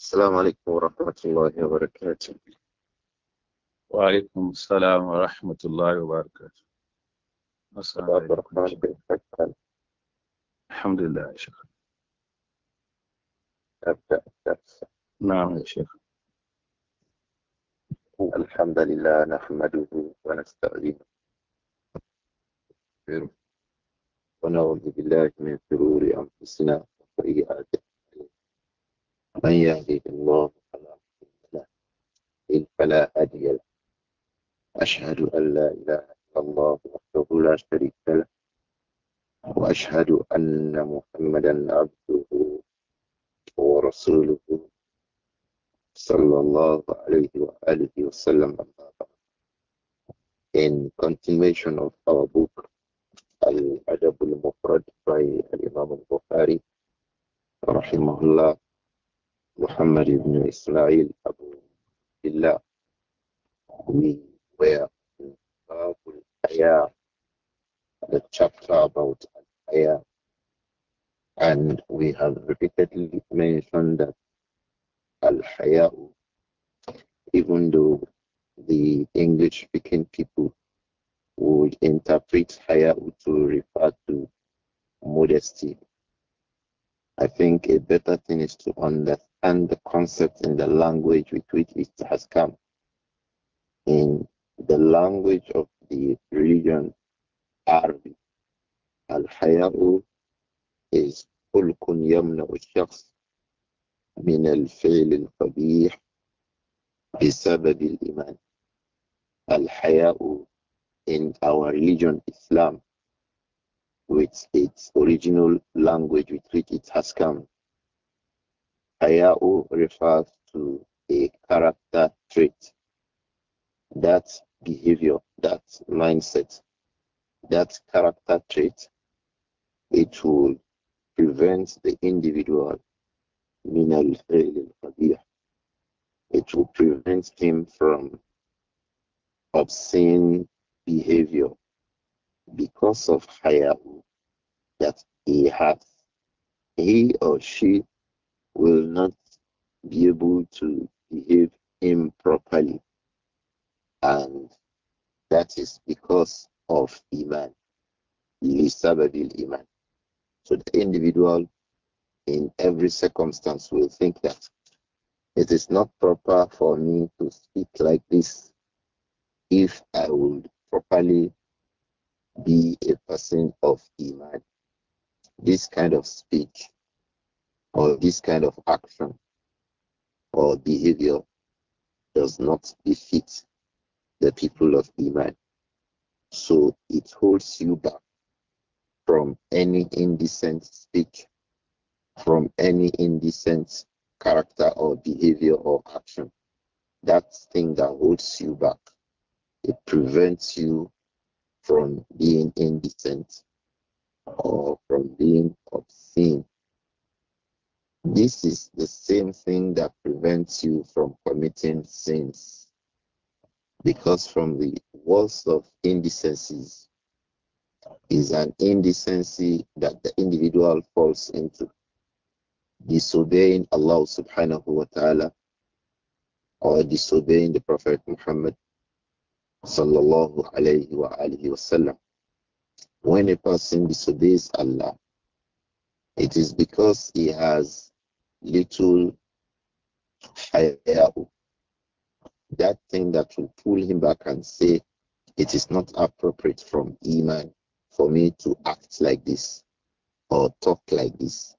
السلام عليكم ورحمة الله وبركاته وعليكم السلام ورحمة الله وبركاته السلام عليكم الحمد لله يا شيخ أبدأ الدرس نعم يا شيخ الحمد لله نحمده ونستعينه ونعوذ بالله من شرور أنفسنا وسيئات من يهديه الله فلا مضل له إن فلا هادي له أشهد أن لا إله إلا الله وحده لا شريك له وأشهد أن محمدا عبده ورسوله صلى الله عليه وآله وسلم أما بعد In continuation of our book Al-Adab al-Mufrad by Imam al-Bukhari rahimahullah Muhammad ibn Ismail Abu Billah. We were in Babul the chapter about Haya. And we have repeatedly mentioned that Al Haya, even though the English speaking people would interpret Haya to refer to modesty I think a better thing is to understand the concept in the language with which it has come. In the language of the religion Arabic, al hayau is خلق al الشخص al الفعل القبيح al-iman Al hayau in our religion Islam with its original language with which it has come. Aya'o refers to a character trait, that behavior, that mindset, that character trait, it will prevent the individual it will prevent him from obscene behavior because of haya that he has, he or she will not be able to behave improperly. And that is because of Iman, Lisababil Iman. So the individual in every circumstance will think that it is not proper for me to speak like this if I would properly be a person of Iman. This kind of speech or this kind of action or behavior does not befit the people of Iman. So it holds you back from any indecent speech, from any indecent character or behavior or action. That thing that holds you back, it prevents you from being indecent or from being obscene. This is the same thing that prevents you from committing sins. Because from the worst of indecencies is an indecency that the individual falls into. Disobeying Allah subhanahu wa ta'ala or disobeying the Prophet Muhammad sallallahu alayhi wa alihi When a person disobeys Allah, it is because he has little hayahu. That thing that will pull him back and say, it is not appropriate from Iman for me to act like this or talk like this.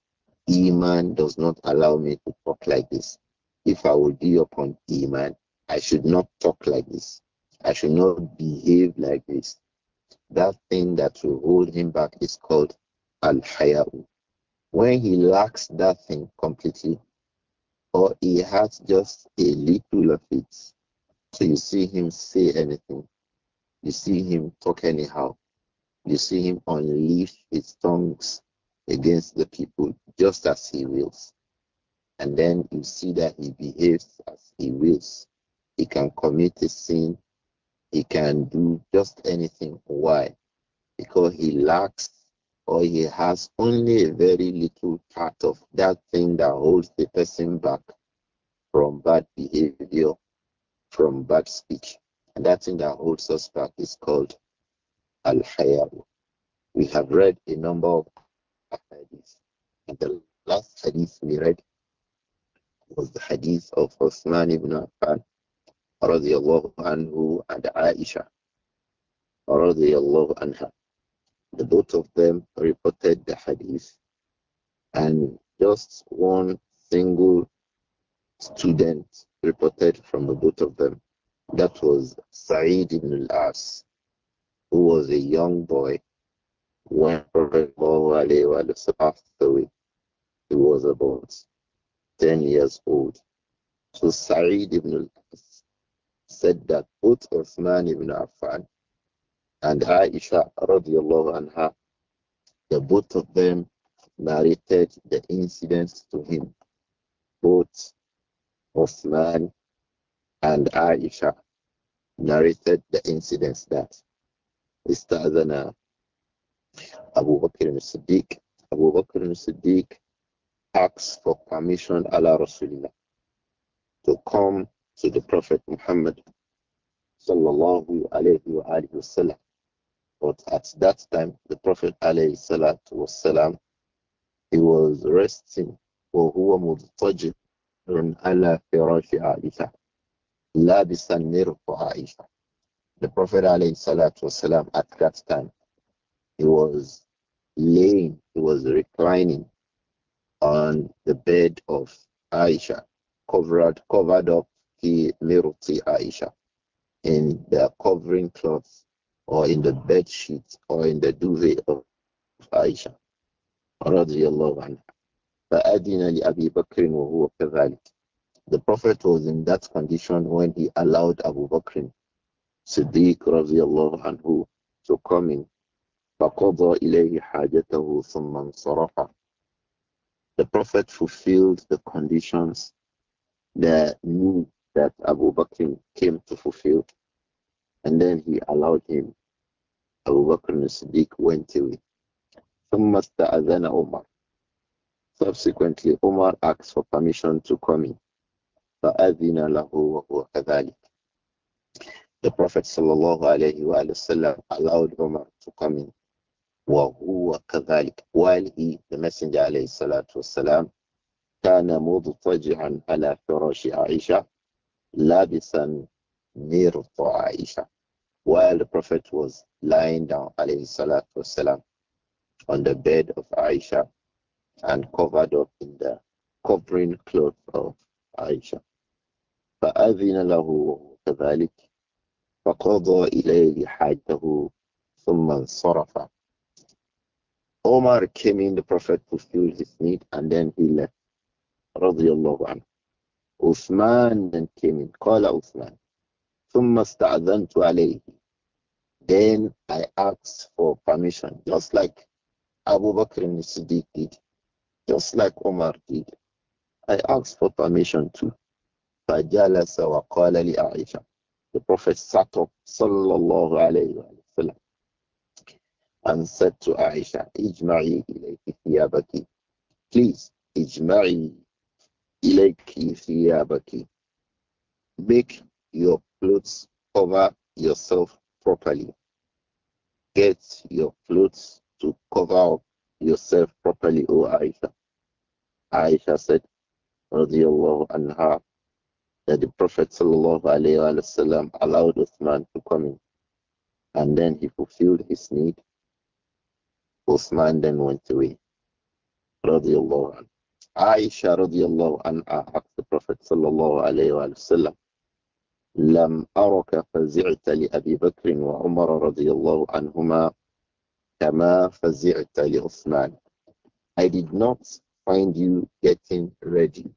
Iman does not allow me to talk like this. If I will be upon Iman, I should not talk like this. I should not behave like this. That thing that will hold him back is called al hayau. When he lacks that thing completely, or he has just a little of it, so you see him say anything, you see him talk anyhow, you see him unleash his tongues against the people just as he wills. And then you see that he behaves as he wills. He can commit a sin he can do just anything. Why? Because he lacks or he has only a very little part of that thing that holds the person back from bad behavior, from bad speech. And that thing that holds us back is called al hayaw We have read a number of hadiths. And the last hadith we read was the hadith of Osman ibn Affan radiallahu anhu and Aisha radiallahu anha. The both of them reported the hadith and just one single student reported from the both of them. That was Sa'id ibn al-As, who was a young boy when Prophet He was about 10 years old. So Sa'id ibn al-As said that both Uthman ibn Affan and Aisha radiallahu anha, the both of them narrated the incidents to him. Both Uthman and Aisha narrated the incidents that استأذن Abu Bakr al-Siddiq. Abu Bakr al-Siddiq for permission Allah Rasulina to come to the Prophet Muhammad sallallahu alayhi wa alayhi wasallam. But at that time, the Prophet alayhi salatu wasallam, he was resting وهو مضطجع على فراش عائشة لابسا نرف عائشة. The Prophet alayhi salatu wasallam at that time, he was laying, he was reclining on the bed of Aisha, covered covered up he miski miruti Aisha, in the covering cloth, or in the bed sheet, or in the duvet of Aisha. رضي الله عنها فأذن لأبي بكر وهو كذلك The Prophet was in that condition when he allowed Abu Bakr Siddiq رضي الله عنه to come in فقضى إليه حاجته ثم انصرف The Prophet fulfilled the conditions, the need that Abu Bakr came to fulfill, and then he allowed him. Abu Bakr and Siddiq went away. Umar. Subsequently, Umar asked for permission to come in. The Prophet sallallahu alayhi sallam allowed Umar to come in. وهو كذلك while he the messenger عليه الصلاة والسلام كان مضطجعا على فراش عائشة labisan to Aisha, while the Prophet was lying down, alayhi salatu wasalam, on the bed of Aisha and covered up in the covering cloth of Aisha. فأذن له كذلك فقضى إليه حاجته ثم انصرف Omar came in, the Prophet fulfilled his need, and then he left. رضي الله عنه. Uthman then came in. Qala Uthman. Thumma sta'adhantu alayhi. Then I asked for permission, just like Abu Bakr ibn Siddiq did, just like Omar did. I asked for permission too. فَجَلَسَ وَقَالَ لِأَعِشَةَ The Prophet sat up, sallallahu alayhi wa sallam, and said to Aisha, اجمعي إليك ثيابك. Please, اجمعي a key, Make your clothes cover yourself properly. Get your clothes to cover yourself properly, O Aisha. Aisha said, radiallahu anha, that the Prophet sallallahu alayhi wa allowed Uthman to come in. And then he fulfilled his need. Uthman then went away. Radiallahu anha. Aisha radiallahu anha asked the Prophet sallallahu alayhi wa sallam, لم أرك فزعت لأبي بكر وعمر رضي الله عنهما كما فزعت لعثمان. I did not find you getting ready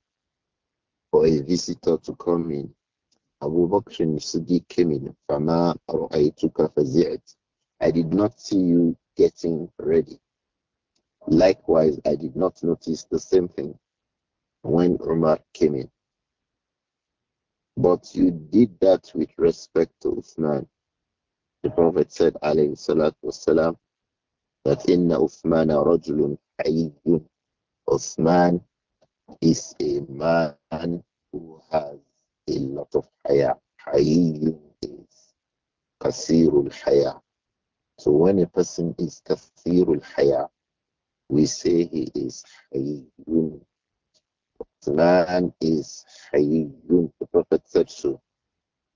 for a visitor to come in. Abu Bakr and Siddiq came in. فما رأيتك فزعت. I did not see you getting ready. Likewise, I did not notice the same thing when Umar came in. But you did that with respect to Uthman. The Prophet said, alayhi salatu wasalam, that inna Uthmana rajulun hayyun. Uthman is a man who has a lot of haya. Hayyun is kasirul haya. So when a person is kasirul haya, we say he is a Fulan is Hayyun. The Prophet said so.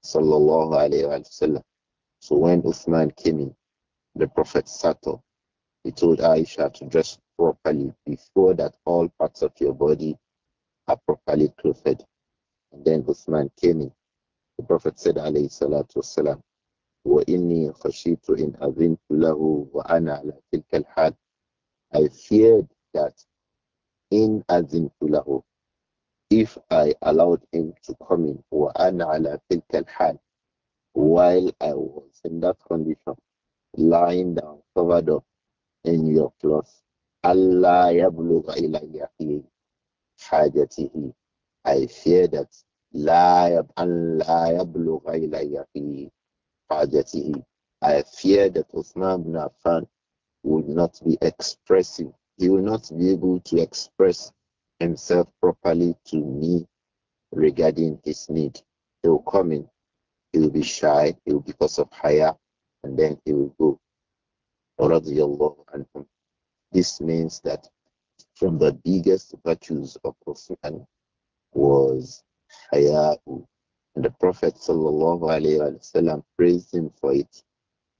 Sallallahu alayhi So when Uthman came in, the Prophet sat up. He told Aisha to dress properly before that all parts of your body are properly clothed. And then Uthman came in. The Prophet said, alayhi salatu wasalam, وإني خشيت إن أذنت له وأنا على تلك I feared that in azintulahu, if I allowed him to come in, wa ana ala hal, while I was in that condition, lying down, covered up in your clothes, Allah yabluga ilayya hajatihi. I fear that لا يب... أن لا يبلغ إلي I fear that Uthman bin Affan would not be expressive. He will not be able to express himself properly to me regarding his need. He will come in, he will be shy, he will because of higher, and then he will go. This means that from the biggest virtues of Prophet was haya, and the Prophet wasallam praised him for it.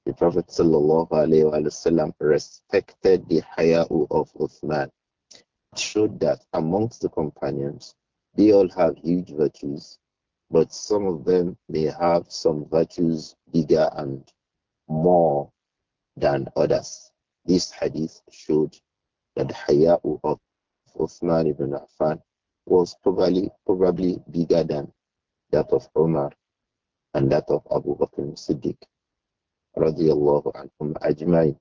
The Prophet وسلم, respected the haya'u of Uthman. It showed that amongst the companions, they all have huge virtues, but some of them may have some virtues bigger and more than others. This hadith showed that the haya'u of Uthman ibn Affan was probably probably bigger than that of Omar and that of Abu Bakr Siddiq anhum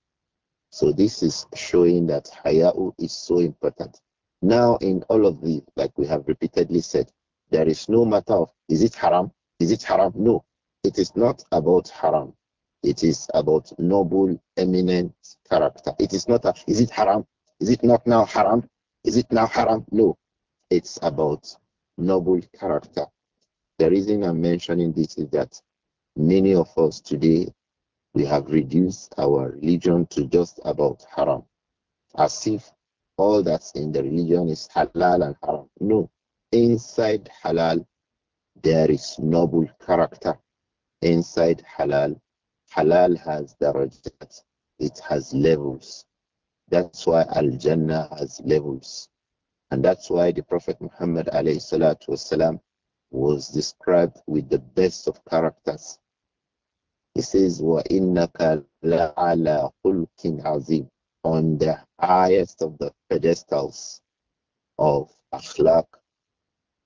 So this is showing that haya'u is so important. Now in all of these, like we have repeatedly said, there is no matter of is it haram? Is it haram? No. It is not about haram. It is about noble, eminent character. It is not a, is it haram? Is it not now haram? Is it now haram? No. It's about noble character. The reason I'm mentioning this is that many of us today we have reduced our religion to just about haram, as if all that's in the religion is halal and haram. No, inside halal, there is noble character. Inside halal, halal has darajat, it has levels. That's why Al Jannah has levels. And that's why the Prophet Muhammad والسلام, was described with the best of characters he says, وَإِنَّكَ لَعَلَى خُلْقٍ عَظِيمٍ On the highest of the pedestals of akhlaq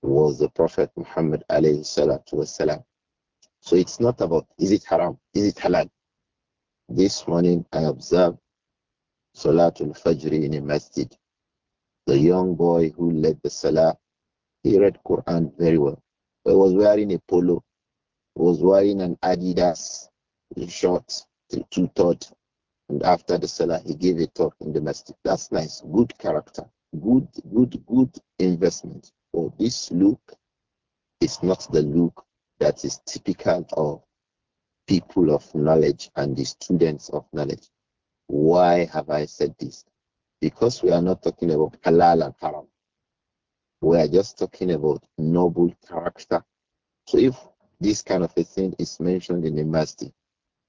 was the Prophet Muhammad alayhi salatu wasalam. So it's not about is it haram, is it halal. This morning I observed Salatul Fajr in a masjid. The young boy who led the Salah, he read Quran very well. He was wearing a polo, he was wearing an Adidas in short two two third, and after the seller, he gave a talk in the mosque. That's nice, good character, good, good, good investment. But this look is not the look that is typical of people of knowledge and the students of knowledge. Why have I said this? Because we are not talking about halal and haram. We are just talking about noble character. So if this kind of a thing is mentioned in the masjid,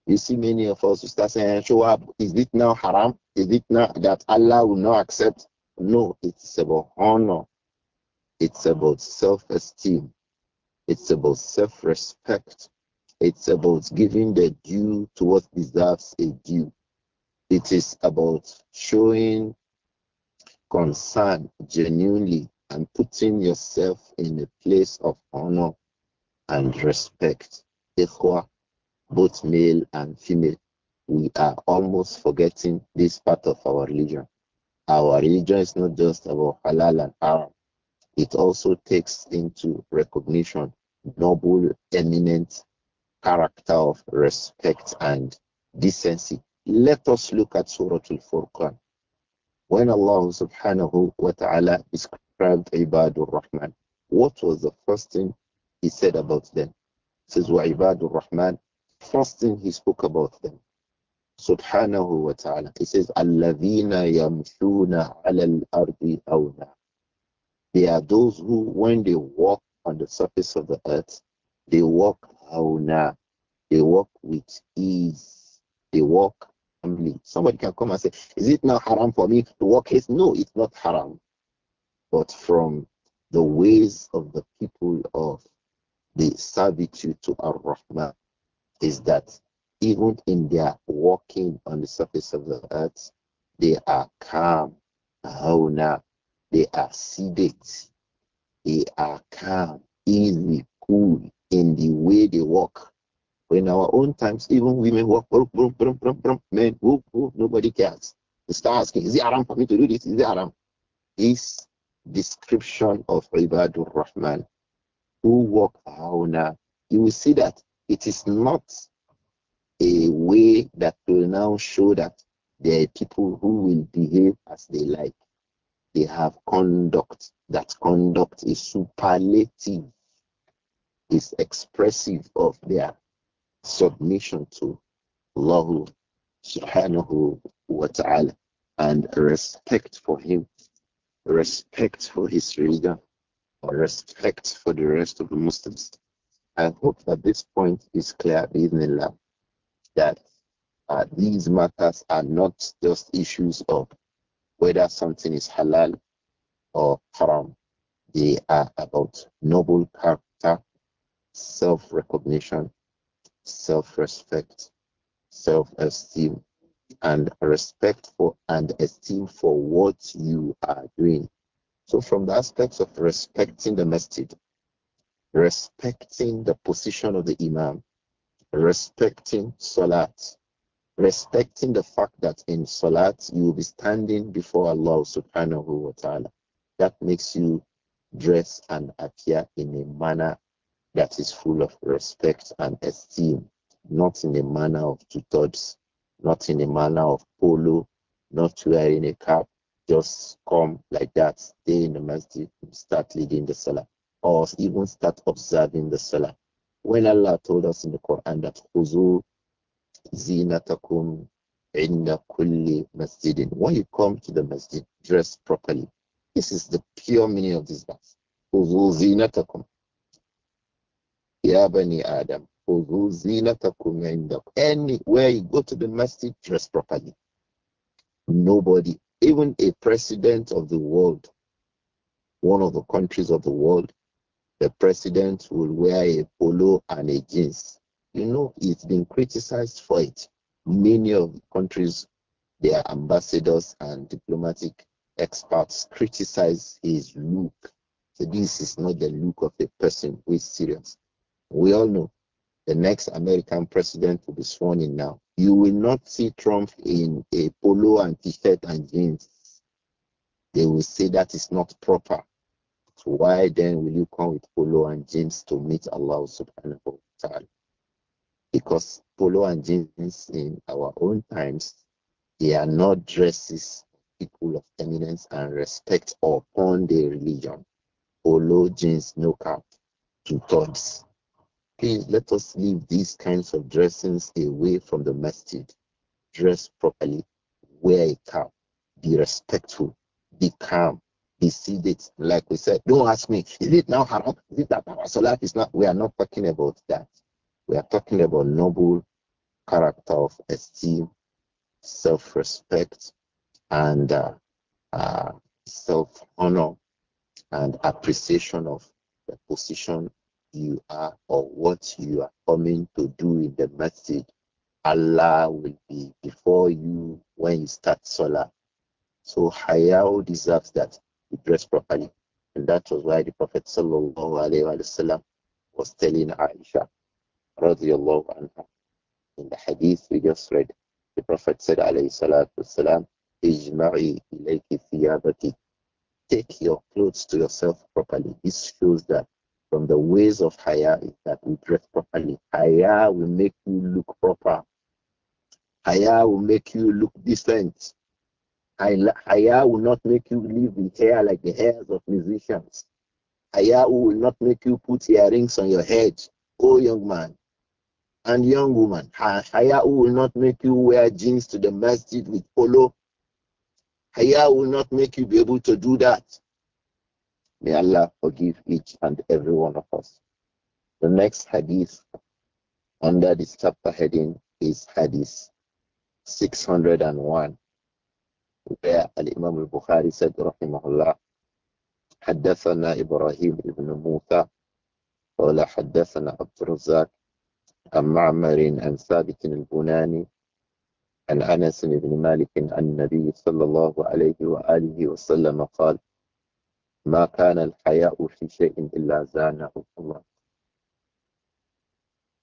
you see many of us start saying, show up. Is it now haram? Is it now that Allah will not accept? No, it's about honor. It's about self-esteem. It's about self-respect. It's about giving the due to what deserves a due. It is about showing concern genuinely and putting yourself in a place of honor and respect. Ikhwa, both male and female. We are almost forgetting this part of our religion. Our religion is not just about halal and haram. It also takes into recognition noble, eminent character of respect and decency. Let us look at Surah Al-Furqan. When Allah subhanahu wa ta'ala described Ibadur Rahman, what was the first thing he said about them? He says, ibadul Rahman. First thing he spoke about them. Subhanahu wa ta'ala. He says, Allavina yamshuna alal ardi awna. They are those who, when they walk on the surface of the earth, they walk awna. They walk with ease. They walk humbly. Somebody can come and say, Is it now haram for me to walk his? No, it's not haram. But from the ways of the people of the servitude to Ar Rahman, is that even in their walking on the surface of the earth, they are calm. Hauna, they are seated. They are calm, easy, cool in the way they walk. In our own times, even women walk, brum, brum, brum, brum, brum, men, whoop, whoop, nobody cares. They start asking, is it haram for me to do this? Is it haram? This description of Ibadur Rahman, who walk Hauna, you will see that it is not a way that will now show that there are people who will behave as they like. They have conduct. That conduct is superlative, is expressive of their submission to Allah subhanahu wa ta'ala and respect for him, respect for his religion, or respect for the rest of the Muslims. I hope that this point is clear, Bismillah, that uh, these matters are not just issues of whether something is halal or haram. They are about noble character, self recognition, self respect, self esteem, and respect for and esteem for what you are doing. So, from the aspects of respecting the masjid, respecting the position of the Imam, respecting Salat, respecting the fact that in Salat you will be standing before Allah subhanahu wa ta'ala. That makes you dress and appear in a manner that is full of respect and esteem, not in a manner of two thirds, not in a manner of polo, not wearing a cap, just come like that, stay in the masjid, start leading the salah or even start observing the Salah. When Allah told us in the Quran that Zina zinatakum Inna kulli masjidin. When you come to the masjid, dress properly. This is the pure meaning of this verse. Zina zinatakum. Ya bani Adam. Khuzu zinatakum Inna Anywhere you go to the masjid, dress properly. Nobody, even a president of the world, one of the countries of the world, the president will wear a polo and a jeans. You know, it's been criticized for it. Many of the countries, their ambassadors and diplomatic experts criticize his look. So this is not the look of a person who is serious. We all know the next American president will be sworn in now. You will not see Trump in a polo and t-shirt and jeans. They will say that is not proper why then will you come with polo and jeans to meet Allah subhanahu wa ta'ala? Because polo and jeans in our own times, they are not dresses people of eminence and respect upon their religion. Polo, jeans, no cap, two tops. Please let us leave these kinds of dressings away from the masjid. Dress properly, wear a cap, be respectful, be calm, he sees it, like we said. Don't ask me, is it now haram? Is it that So salah is not? We are not talking about that. We are talking about noble character of esteem, self respect, and uh, uh, self honor and appreciation of the position you are or what you are coming to do in the message. Allah will be before you when you start Salah. So Hayao deserves that be dressed properly. And that was why the Prophet ﷺ was telling Aisha anha in the hadith we just read. The Prophet said alayhi ilayki Take your clothes to yourself properly. This shows that from the ways of Haya is that we dress properly. Haya will make you look proper. Haya will make you look decent. Haya will not make you live with hair like the hairs of musicians. Haya will not make you put earrings on your head, O young man and young woman. Haya will not make you wear jeans to the masjid with polo. Haya will not make you be able to do that. May Allah forgive each and every one of us. The next hadith under this chapter heading is hadith 601 الإمام البخاري سيد رحمه الله حدثنا إبراهيم بن موسى ولا حدثنا عبد الرزاق عن معمر عن ثابت البناني عن أنس بن مالك عن النبي صلى الله عليه وآله وسلم قال ما كان الحياء في شيء إلا زانه الله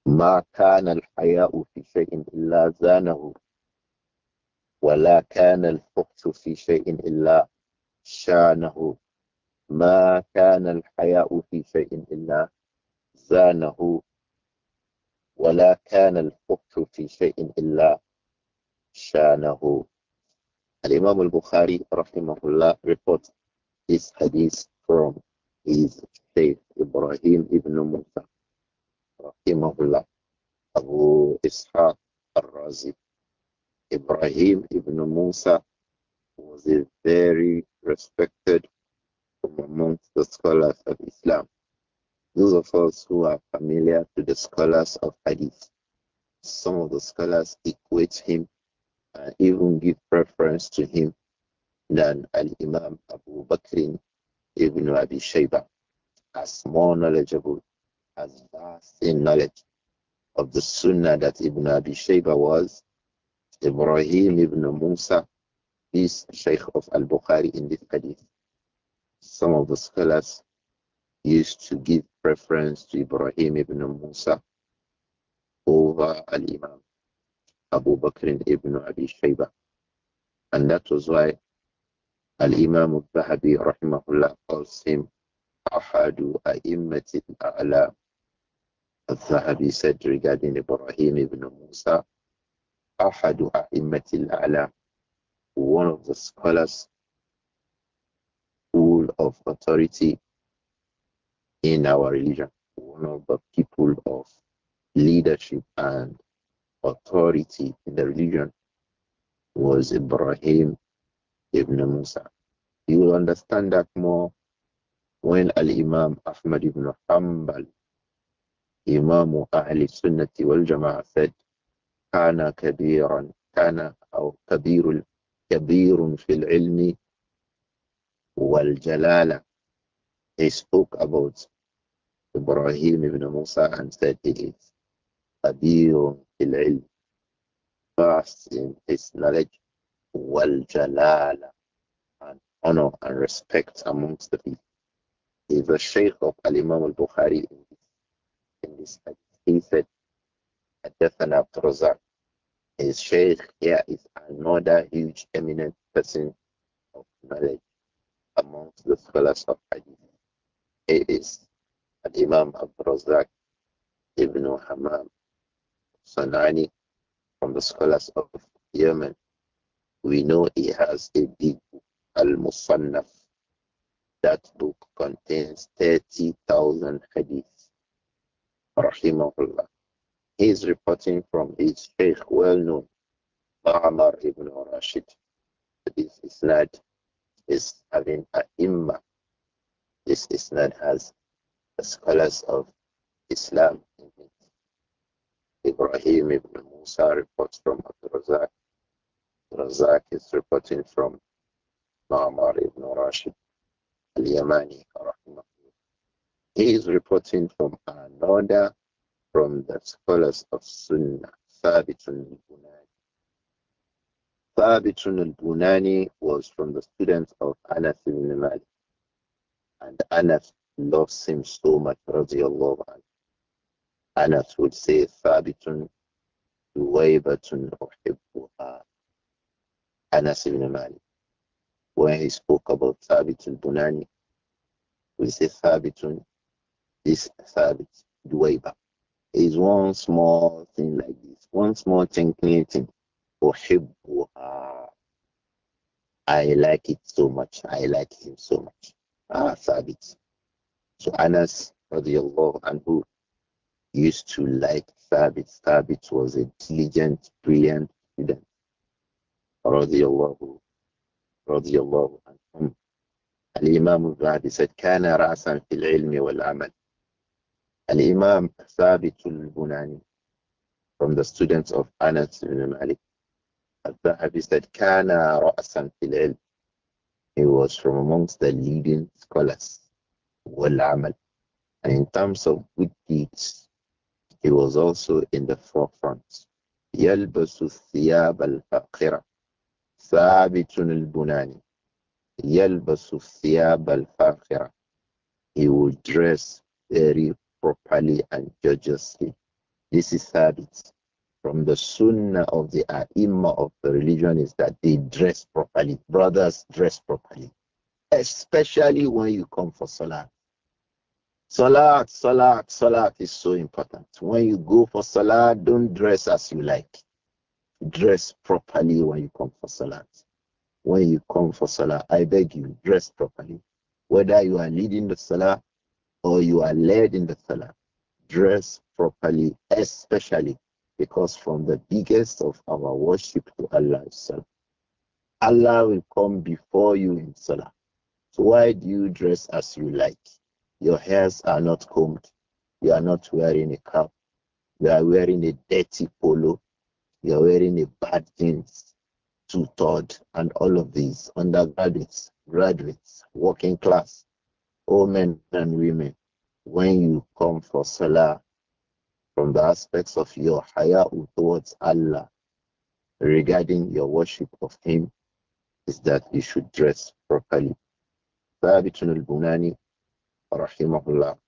ما كان الحياء في شيء إلا زانه ولا كان الفقه في شيء إلا شانه ما كان الحياء في شيء إلا زانه ولا كان الفقه في شيء إلا شانه الإمام البخاري رحمه الله reports this hadith from his Shaykh Ibrahim ibn Musa رحمه الله أبو إسحاق الرازي Ibrahim ibn Musa was a very respected from amongst the scholars of Islam. Those of us who are familiar to the scholars of Hadith, some of the scholars equate him and even give preference to him than Al Imam Abu Bakr ibn Abi Shayba, as more knowledgeable, as vast in knowledge of the Sunnah that Ibn Abi Shayba was, Ibrahim ibn Musa is Shaykh of Al-Bukhari in this hadith. Some of the scholars used to give preference to Ibrahim ibn Musa over Al-Imam Abu Bakr ibn Abi Shayba. And that was why Al-Imam al-Bahabi rahimahullah calls him Ahadu A'immatil A'la. Al-Zahabi said regarding Ibrahim ibn Musa Ahadu A'immatil A'la, one of the scholars full of authority in our religion, one of the people of leadership and authority in the religion was Ibrahim ibn Musa. You will understand that more when Al Imam Ahmad ibn Hanbal, Imam Ahl Sunnati wal Jama'ah, said, كان كبيرا كان أو كبير كبير في العلم والجلالة he spoke about Ibrahim ibn Musa and said he is كبير في العلم vast in his knowledge والجلالة and honor and respect amongst the people he is a sheikh of Al-Imam al-Bukhari in this, in this he said Hadathana Abdurazak. His Shaykh here is another huge eminent person of knowledge amongst the scholars of Hadith. It is Imam of Abdurazak ibn Hamam Sanani from the scholars of Yemen. We know he has a big Al-Musannaf. That book contains 30,000 hadiths. Rahimahullah. He is reporting from his sheikh, well known, Ma'amar ibn Rashid. This isnad is having a imma. This isnad has the scholars of Islam in it. Ibrahim ibn Musa reports from Abdul Razak. Razak is reporting from Ma'amar ibn Rashid al-Yamani. He is reporting from another from the scholars of Sunnah, Thabit al-Bunani. Thabit al-Bunani was from the students of Anas ibn Malik. And Anas loves him so much, radiallahu anhu. Anas would say, Thabitun Duwaybatun uhibbuha. Anas ibn Malik. When he spoke about Thabit al-Bunani, we say Thabitun, this Thabit, Duwayba is one small thing like this, one small thing, clean thing. Uh, I like it so much. I like him so much. Ah, Thabit. So Anas and who used to like Thabit. Thabit was a diligent, brilliant student. Radiallahu, radiallahu anhu. Al-Imam al said, كان رأسا في العلم والعمل Al Imam al Bunani from the students of Anas ibn Malik. Al-Zahabi said, Kana ra'asan fil He was from amongst the leading scholars. Wal amal. And in terms of good deeds, he was also in the forefront. He would dress very properly and judiciously. This is habit. From the sunnah of the ai of the religion is that they dress properly. Brothers dress properly. Especially when you come for salah. Salah, salah, salah is so important. When you go for salah, don't dress as you like. Dress properly when you come for salah. When you come for salah, I beg you, dress properly. Whether you are leading the salah or you are led in the salah, dress properly, especially because from the biggest of our worship to Allah is Allah will come before you in salah. So why do you dress as you like? Your hairs are not combed. You are not wearing a cap. You are wearing a dirty polo. You are wearing a bad jeans, two-third, and all of these undergraduates, graduates, working class O men and women, when you come for Salah, from the aspects of your higher towards Allah regarding your worship of Him is that you should dress properly. ثابت البناني رحمه الله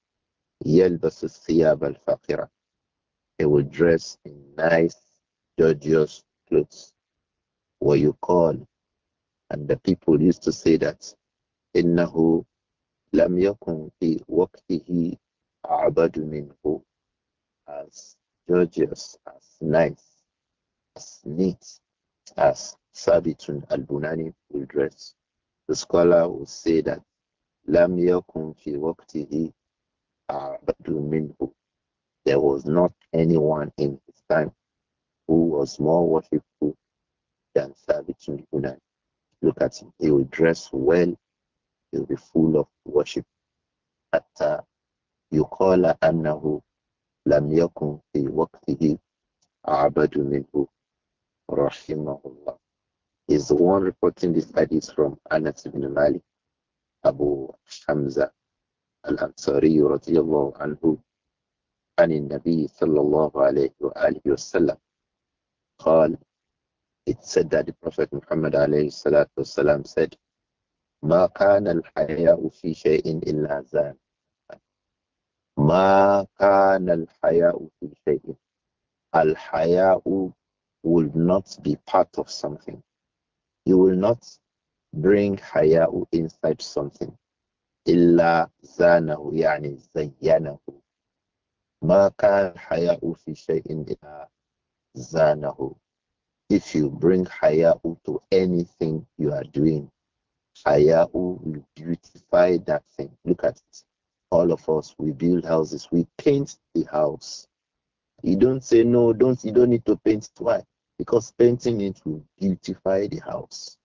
يلبس الثياب الفقيرة He will dress in nice, gorgeous clothes. What you call, And the people used to say that إنه لم يكن في وقته أعبد منه as gorgeous, as nice, as neat, as Sabitun al-Bunani will dress. The scholar will say that لم يكن في وقته أعبد منه There was not anyone in his time who was more worshipful than Sabitun al-Bunani. Look at him. He will dress well He'll be full of worship. حتى يقال أنه لم يكن في وقته عبد منه رحمه الله is the one reporting this hadith from Anas ibn Malik, Abu Hamza al-Ansari radiyallahu anhu, عن النبي صلى الله عليه وآله وسلم قال It said that the Prophet Muhammad عليه الصلاة والسلام said ما كان الحياء في شيء إلا زان ما كان الحياء في شيء الحياء will not be part of something you will not bring haya'u inside something إلا زانه يعني زينه ما كان haya'u في شيء إلا زانه if you bring haya'u to anything you are doing Hayahu will beautify that thing. Look at it. All of us, we build houses, we paint the house. You don't say no, don't you don't need to paint Why? because painting it will beautify the house.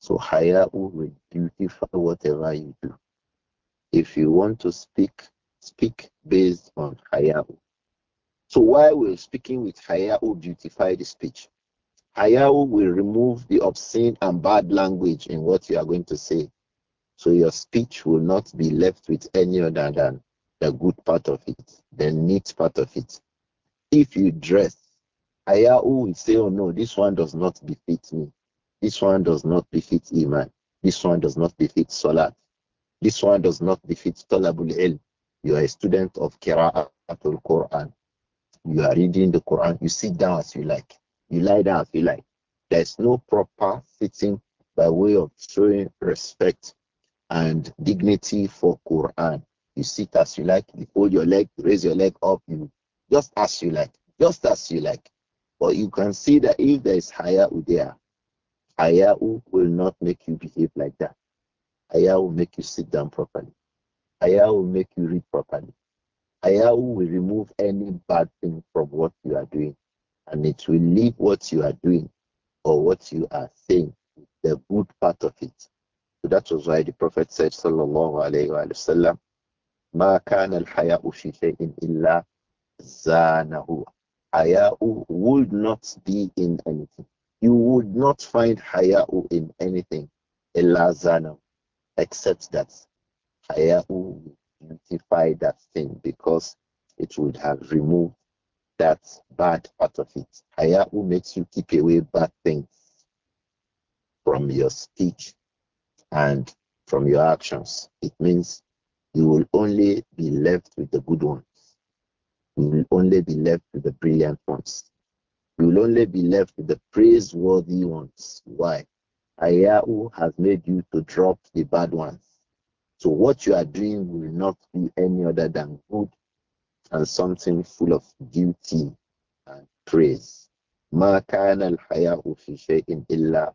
So Hayahu will beautify whatever you do. If you want to speak, speak based on Hayahu. So why will speaking with Hayahu beautify the speech? Ayahu will remove the obscene and bad language in what you are going to say. So your speech will not be left with any other than the good part of it, the neat part of it. If you dress, Ayahu will say, Oh no, this one does not befit me. This one does not befit Iman. This one does not befit Salat. This one does not befit Talabul El." You are a student of Qira'atul Quran. You are reading the Quran. You sit down as you like. You lie down if you like. There's no proper sitting by way of showing respect and dignity for Quran. You sit as you like, you hold your leg, raise your leg up, you just as you like, just as you like. But you can see that if there is higher there, higher will not make you behave like that. Higher will make you sit down properly. Higher will make you read properly. Higher will remove any bad thing from what you are doing and it will leave what you are doing or what you are saying, the good part of it. So that was why the Prophet said, Sallallahu Alaihi Wasallam, Ma kana al-haya'u fi shay'in illa zanahu. Haya'u would not be in anything. You would not find haya'u in anything illa zanahu, except that haya'u beautify that thing because it would have removed that's bad part of it. Ayahu who makes you keep away bad things from your speech and from your actions. It means you will only be left with the good ones. You will only be left with the brilliant ones. You will only be left with the praiseworthy ones. Why? Ayahu has made you to drop the bad ones. So what you are doing will not be any other than and something full of duty and praise. ما كان الحياء في شيء إلا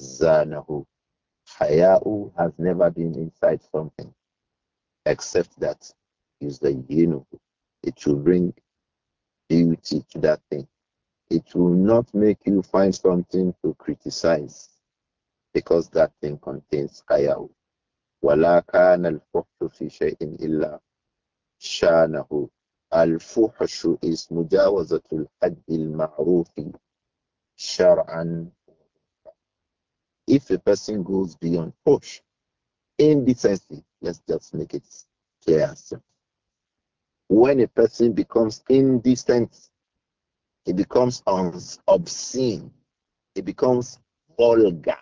زانه. Haya'u has never been inside something except that is the yinu. It will bring beauty to that thing. It will not make you find something to criticize because that thing contains haya'u. ولا كان الفقر في شيء إلا شانه al is mujawazatul haddil ma'rufi If a person goes beyond push, indecency, let's just make it clear. When a person becomes indecent, he becomes obscene, he becomes vulgar,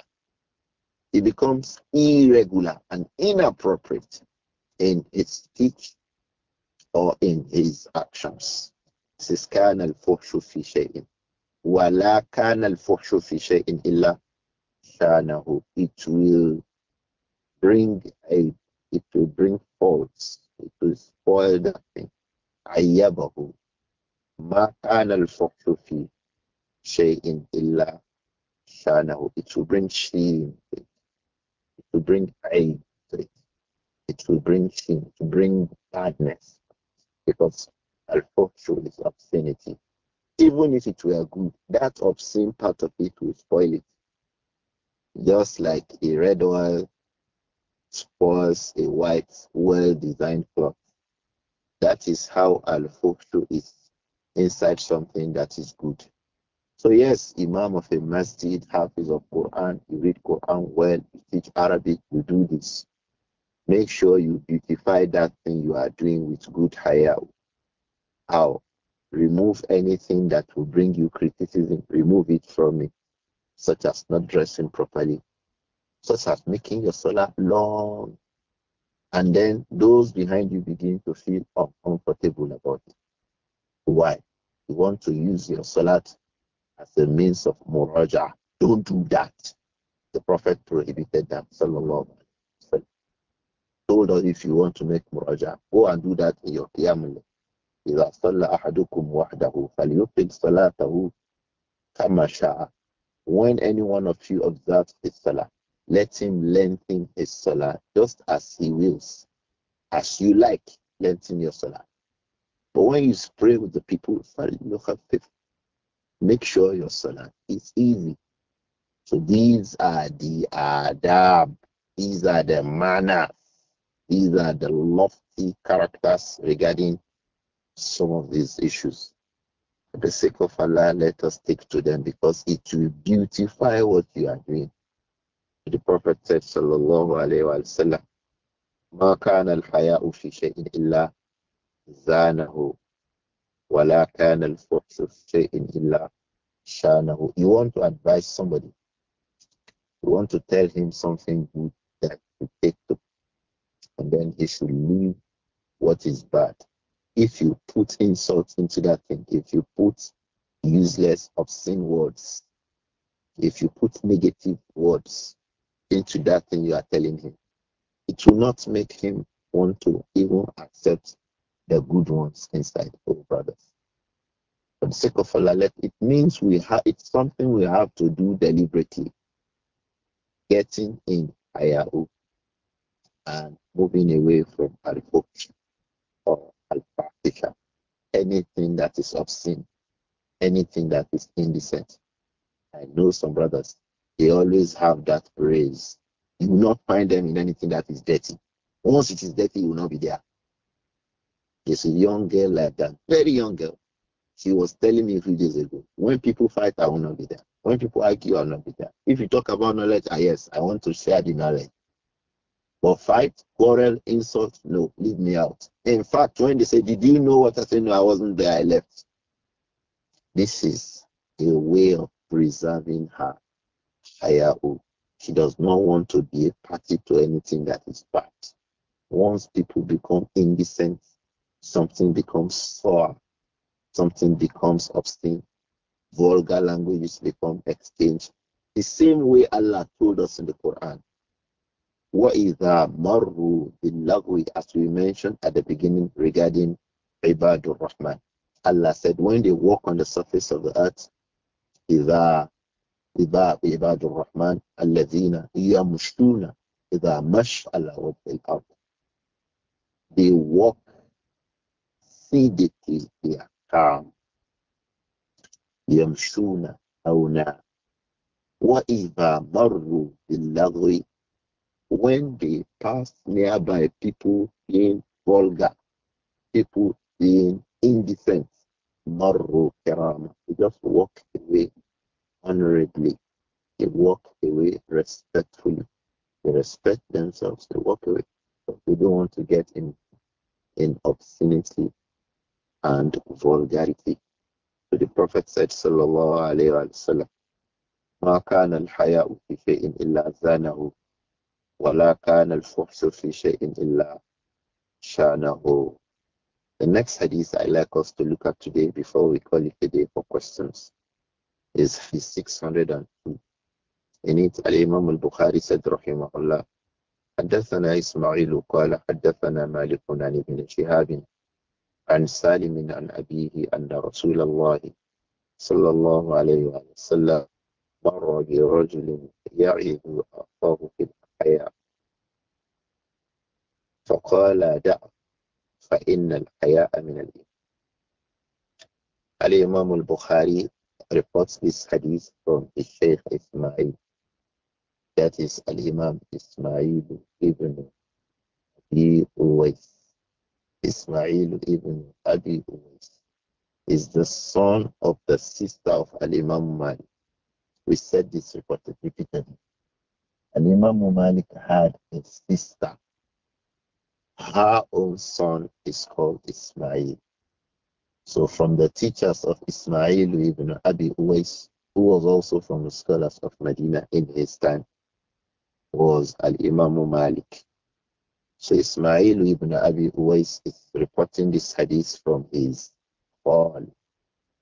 he becomes irregular and inappropriate in his speech or in his actions. This is كان الفحش في شيء ولا كان الفحش في شيء إلا شانه. It will bring a it will bring faults. It will spoil the thing. عيبه ما كان الفحش في شيء إلا شانه. It will bring shame. It will bring عيب. It will bring shame. It will bring badness because Al-Fuhshu is obscenity. Even if it were good, that obscene part of it will spoil it. Just like a red oil spoils a white, well-designed cloth. That is how Al-Fuhshu is inside something that is good. So yes, Imam of a masjid, Hafiz of Quran, you read Quran well, you teach Arabic, you do this. Make sure you beautify that thing you are doing with good hire. How? Remove anything that will bring you criticism. Remove it from it, such as not dressing properly, such as making your solar long. And then those behind you begin to feel uncomfortable about it. Why? You want to use your salat as a means of muraja. Don't do that. The Prophet prohibited that. Sallallahu told us if you want to make muraja, go and do that in your family. إذا صلى أحدكم وحده فليقم صلاته كما شاء. When any one of you observes his salah, let him lengthen his salah just as he wills. As you like, lengthen your salah. But when you pray with the people, make sure your salah is easy. So these are the adab, these are the manners these are the lofty characters regarding some of these issues. For the sake of Allah, let us stick to them because it will beautify what you are doing. The Prophet said, Sallallahu Alaihi Wasallam, ما كان shayin illa zanahu, wa la ولا al الفحش في شيء إلا شانه You want to advise somebody. You want to tell him something good that you take to and then he should leave what is bad. If you put insult into that thing, if you put useless, obscene words, if you put negative words into that thing you are telling him, it will not make him want to even accept the good ones inside, oh brothers. For the sake of Allah, it means we have it's something we have to do deliberately. Getting in higher and moving away from al or al anything that is obscene, anything that is indecent. I know some brothers, they always have that praise. You will not find them in anything that is dirty. Once it is dirty, you will not be there. There's a young girl like that, very young girl. She was telling me a few days ago, when people fight, I will not be there. When people argue, I will not be there. If you talk about knowledge, ah, yes, I want to share the knowledge. But fight, quarrel, insult, no, leave me out. In fact, when they say, Did you know what I said? No, I wasn't there, I left. This is a way of preserving her. Hayahu. She does not want to be a party to anything that is bad. Once people become indecent, something becomes sour, something becomes obscene, vulgar languages become exchanged. The same way Allah told us in the Quran, what is وَإِذَا مَرُّوا بِاللَّغْوِ As we mentioned at the beginning regarding Ibadur Rahman. Allah said, when they walk on the surface of the earth, إِذَا إِذَا عِبَادُ الرَّحْمَنِ الَّذِينَ يَمُشْتُونَ إِذَا مَشْ عَلَى وَجْهِ الْأَرْضِ They walk sedately, they are calm. يَمْشُونَ أَوْنَا وَإِذَا مَرُّوا بِاللَّغْوِ when they pass nearby people being vulgar, people being indecent, marru kerama. They just walk away honorably. They walk away respectfully. They respect themselves. They walk away. But they don't want to get in in obscenity and vulgarity. So the Prophet said, Sallallahu Alaihi Wasallam, ما كان الحياء في شيء إلا زانه the next hadith I like us to look at today before we call it a day for questions is his 602. In it, Al-Imam bukhari said, Rahimahullah, حدثنا إسماعيل قال حدثنا مالك عن ابن شهاب عن سالم عن أبيه أن رسول الله صلى الله عليه وسلم مر برجل يعيد أخاه في الحياة الحياء فقال دع فإن الحياء من الإيمان الإمام البخاري reports this hadith from his Shaykh Ismail that is Al-Imam Ismail ibn Abi Uwais Ismail ibn Abi Uwais is the son of the sister of Al-Imam Malik we said this reported repeatedly and Imam Malik had a sister. Her own son is called Ismail. So from the teachers of Ismail ibn Abi Uwais, who was also from the scholars of Medina in his time, was Al-Imam Malik. So Ismail ibn Abi Uwais is reporting this hadith from his father,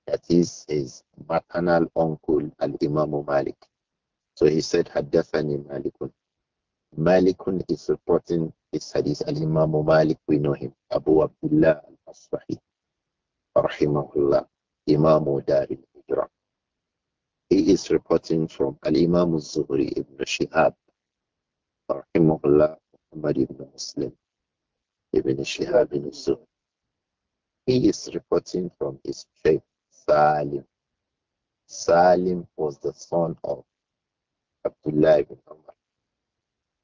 that is his maternal uncle Al-Imam Malik. So he said, Haddathani Malikun. Malikun is reporting this hadith. Al Imam Malik, we know him. Abu Abdullah Al Asbahi, Rahimahullah, Imam Dar Hijra. He is reporting from Al Imam Al Zuhri ibn Shihab, Rahimahullah, Muhammad ibn Muslim, ibn Shihab ibn Zuhri. He is reporting from his faith, Salim. Salim was the son of Abdullah ibn Umar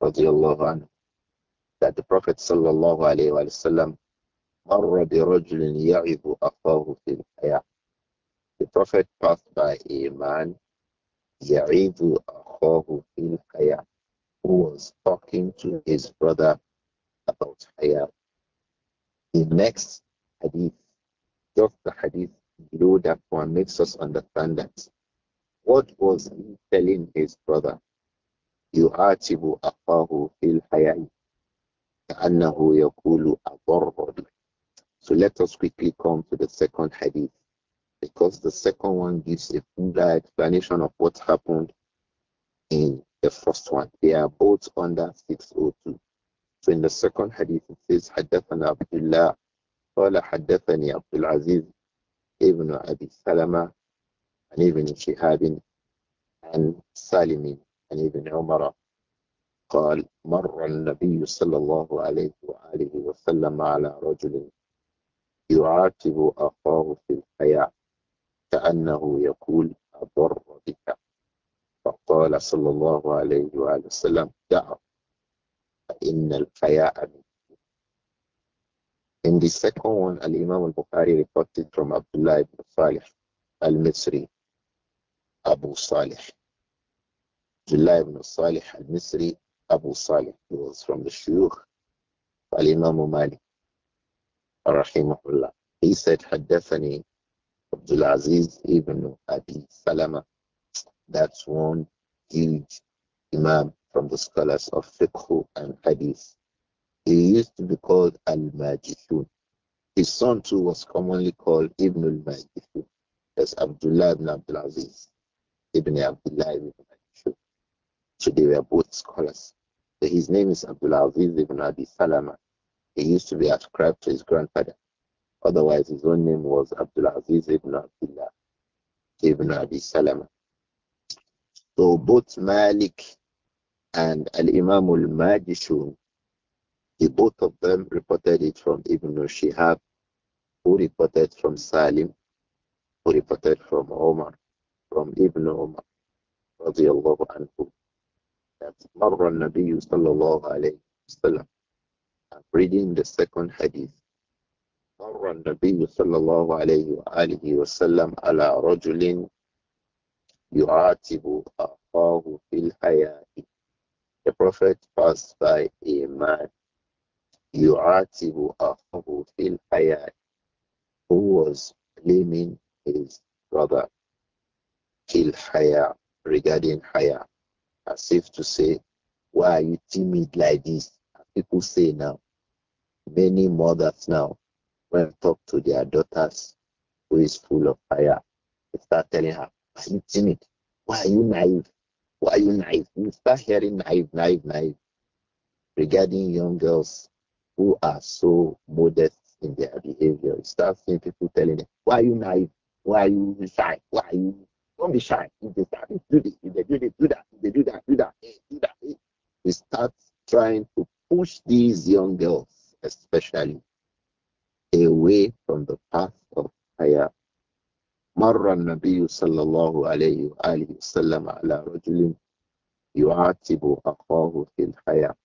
radiallahu anhu that the Prophet sallallahu alayhi wa sallam مَرَّ بِرَجُلٍ يَعِظُ أَخَاهُ فِي الْحَيَاةِ The Prophet passed by a man يَعِظُ أَخَاهُ فِي الْحَيَاةِ who was talking to his brother about Hayat. The next hadith, just the hadith below that one, makes us understand that what was he telling his brother? يعاتب أخاه في الحياة كأنه يقول أضر So let us quickly come to the second hadith because the second one gives a fuller explanation of what happened in the first one. They are both under 602. So in the second hadith it says حدثنا عبد الله قال حدثني عبد العزيز ابن أبي سلمة عن ابن شهاب عن سالم عن ابن عمر قال مر النبي صلى الله عليه وآله وسلم على رجل يعاتب أخاه في الحياة كأنه يقول أضر بك فقال صلى الله عليه وآله وسلم دعه فإن الحياء In the second one, Al-Imam al-Bukhari reported from Abdullah ibn Salih al-Misri Abu Salih. Abdullah ibn Salih al-Misri, Abu Salih, was from the Shuyukh, al-Imam Malik, rahimahullah. He said, Haddathani Abdul Aziz ibn Abi Salama. That's one huge imam from the scholars of fiqh and hadith. He used to be called Al-Majishun. His son too was commonly called Ibn al-Majishun. That's Abdullah ibn Abdul Aziz ibn Abdullah ibn Mansur. So they were both scholars. his name is Abdullah Aziz ibn Abi Salama. He used to be ascribed to his grandfather. Otherwise, his own name was Abdullah Aziz ibn Abdullah ibn Abi Salama. So both Malik and Al Imam al Majishun, the both of them reported it from Ibn Shihab, who reported from Salim, who reported from Omar from Ibn Umar radiallahu anhu that مر النبي صلى الله عليه وسلم I'm reading the second hadith مر النبي صلى الله عليه وآله وسلم على رجل يعاتب أخاه في الحياة The Prophet passed by a man يعاتب أخاه في الحياة who was blaming his brother Kill haya regarding haya, as if to say, why are you timid like this? People say now, many mothers now, when talk to their daughters who is full of haya, they start telling her, why are you timid? Why are you naive? Why are you naive? You start hearing naive, naive, naive regarding young girls who are so modest in their behavior. You start seeing people telling them, why are you naive? Why are you shy? Why are you don't be shy. If they start, do this. If they do this, do that. If they do that, do that. Hey, eh, do that. Hey. Eh. They start trying to push these young girls, especially, away from the path of higher مر النبي صلى الله عليه وآله وسلم على رجل يعاتب أخاه في الحياة.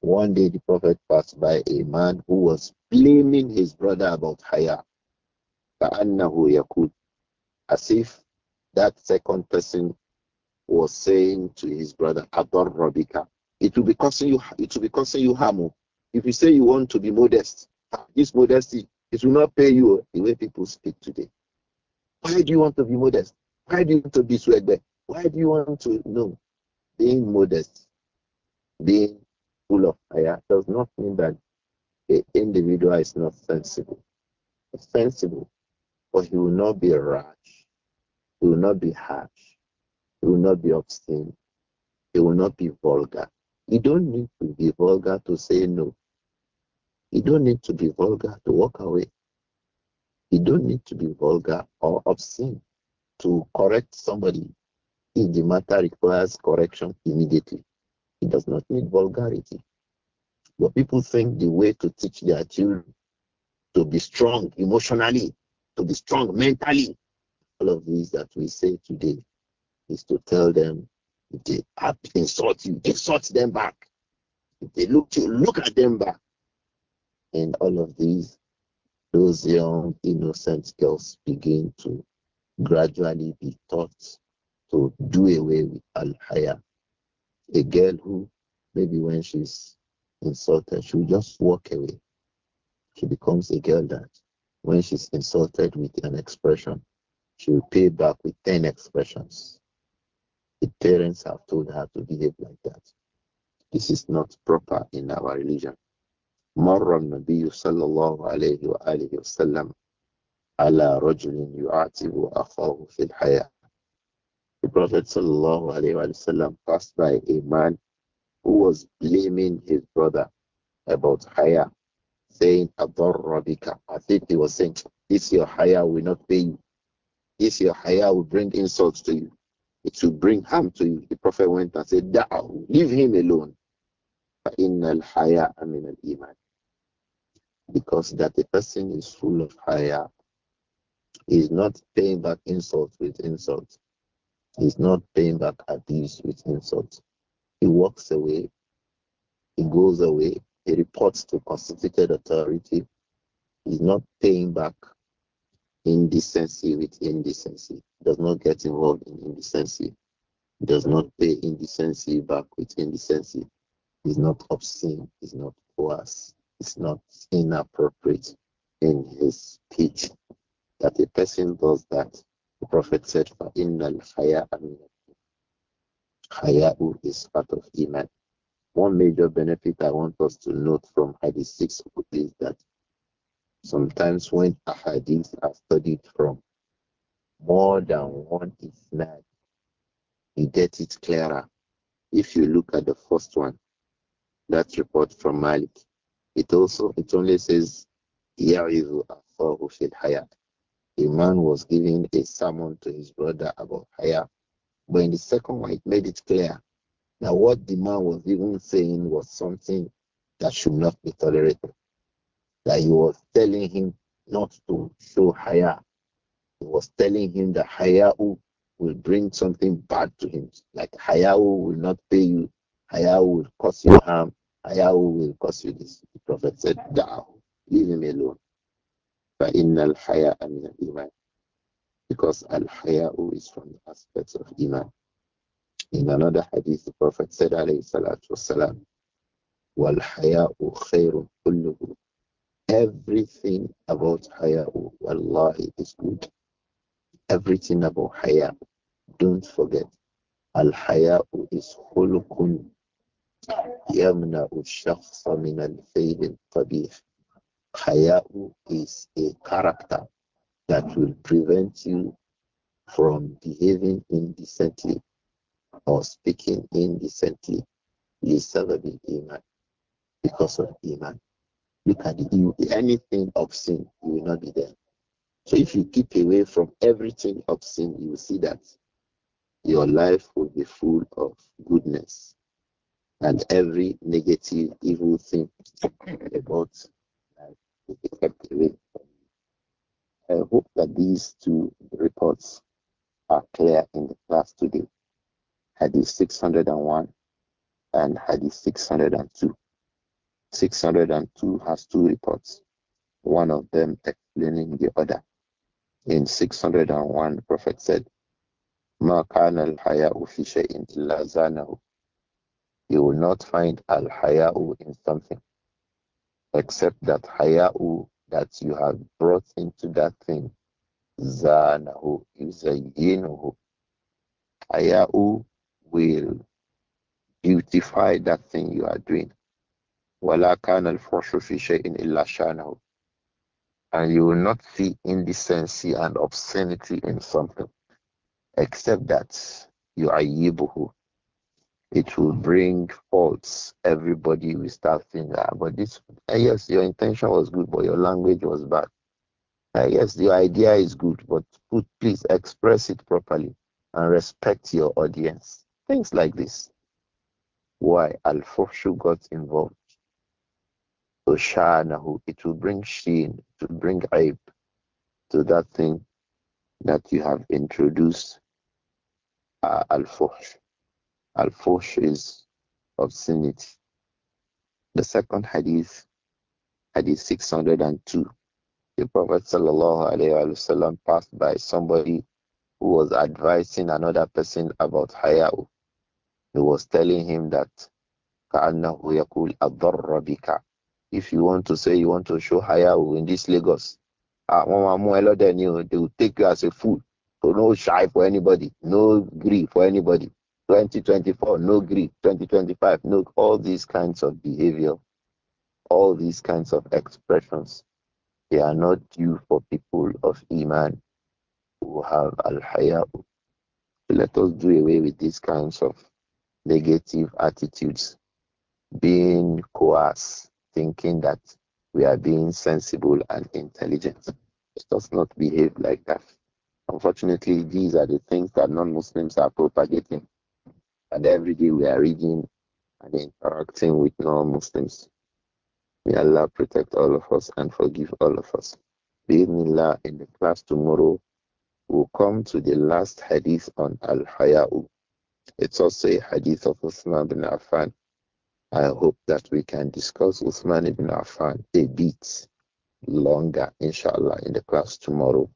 One day the Prophet passed by a man who was blaming his brother about haya. كأنه يقول as if that second person was saying to his brother, Ador Robica, it will be causing you it will be causing you harm. If you say you want to be modest, this modesty, it will not pay you the way people speak today. Why do you want to be modest? Why do you want to be swagger? Why do you want to know? Being modest, being full of fire does not mean that the individual is not sensible. He's sensible, but he will not be rash he will not be harsh. He will not be obscene. He will not be vulgar. You don't need to be vulgar to say no. You don't need to be vulgar to walk away. You don't need to be vulgar or obscene to correct somebody if the matter requires correction immediately. It does not need vulgarity. But people think the way to teach their children to be strong emotionally, to be strong mentally, all of these that we say today is to tell them if they insult you, insult them back. If they look to look at them back. And all of these, those young innocent girls begin to gradually be taught to do away with al haya. A girl who maybe when she's insulted, she'll just walk away. She becomes a girl that when she's insulted with an expression, she'll pay back with 10 expressions. The parents have told her to behave like that. This is not proper in our religion. مر النبي صلى الله عليه وآله وسلم على رجل يعاتب أخاه في الحياة. The Prophet sallallahu alayhi wa passed by a man who was blaming his brother about haya, saying, Adarrabika. I think he was saying, this your haya will not pay you. If your haya will bring insults to you, it will bring harm to you. The Prophet went and said, leave him alone. in فَإِنَّ الْحَيَاءَ an الْإِيمَانِ Because that the person is full of haya. is not paying back insult with insult. He's not paying back abuse with insult. He walks away. He goes away. He reports to constituted authority. He's not paying back indecency with indecency, does not get involved in indecency, does not pay indecency back with indecency, is not obscene, is not coarse, is not inappropriate in his speech. That a person does that, the Prophet said, "For الْحَيَاءَ مِنَ is part of Iman. One major benefit I want us to note from Hadith 6 is that Sometimes when ahadith are studied from more than one not, you get it clearer. If you look at the first one, that report from Malik, it also it only says Ya'izu who fil Hayat. A man was giving a sermon to his brother about Hayat. But in the second one, it made it clear that what the man was even saying was something that should not be tolerated that he was telling him not to show haya. He was telling him that haya will bring something bad to him. Like haya will not pay you, haya will cause you harm, haya will cause you this. The Prophet said, Da'ahu, leave him alone. فَإِنَّ الْحَيَاءَ مِنَ الْإِيمَانِ Because al-haya is from the aspects of iman. In another hadith, the Prophet said, alayhi salatu wasalam, وَالْحَيَاءُ خَيْرٌ كُلُّهُ Everything about haya Wallahi, is good. Everything about haya. Don't forget, Al haya is Hulukun min al من al القبيح Haya is a character that will prevent you from behaving indecently or speaking indecently لسبب iman because of Iman you at you, anything of sin, you will not be there. So if you keep away from everything of sin, you will see that your life will be full of goodness and every negative, evil thing about life will be kept away I hope that these two reports are clear in the class today. Hadith 601 and Hadith 602. 602 has two reports, one of them explaining the other. In 601, the Prophet said, ما al-hayau fi شيء إلا زانه. You will not find al-haya'u in something, except that haya'u that you have brought into that thing, zanahu, yuzayyinuhu. Haya'u will beautify that thing you are doing. وَلَا كَانَ الْفُحْشُ فِي شَيْءٍ إِلَّا شَانَهُ And you will not see indecency and obscenity in something, except that you يُعَيِّبُهُ It will bring faults. Everybody will start thinking, ah, but this, ah, yes, your intention was good, but your language was bad. Ah, yes, your idea is good, but put, please express it properly and respect your audience. Things like this. Why al fushu got involved Toshanahu. It will bring sheen, to bring hype to that thing that you have introduced. Uh, Al-Fuhsh. Al-Fuhsh is obscenity. The second hadith, hadith 602, the Prophet wasallam passed by somebody who was advising another person about Hayao. He was telling him that if you want to say you want to show higher in this Lagos, uh, they will take you as a fool. So no shy for anybody, no greed for anybody. 2024, no greed. 2025, no. All these kinds of behavior, all these kinds of expressions, they are not due for people of Iman who have Al Hayah. Let us do away with these kinds of negative attitudes, being coerced, thinking that we are being sensible and intelligent. It does not behave like that. Unfortunately, these are the things that non Muslims are propagating. And every day we are reading and interacting with non Muslims. May Allah protect all of us and forgive all of us. Bismillah, in the class tomorrow, we'll come to the last hadith on Al Haya'u. It's also a hadith of Uthman bin Affan I hope that we can discuss Uthman ibn Affan a bit longer, inshallah, in the class tomorrow.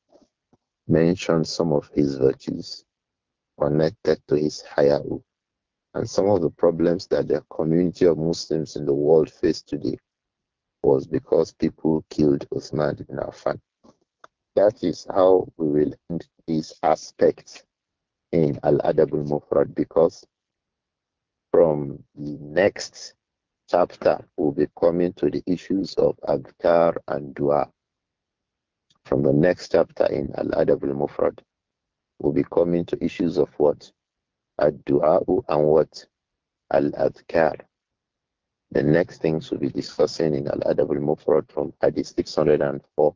Mention some of his virtues connected to his hayau and some of the problems that the community of Muslims in the world face today was because people killed Uthman ibn Affan. That is how we will end this aspect in Al Adab al Mufrad because from the next chapter, we'll be coming to the issues of adkar and dua. From the next chapter in Al Adab al Mufrad, we'll be coming to issues of what? Ad dua and what? Al adkar. The next things we'll be discussing in Al Adab al Mufrad from Hadith 604,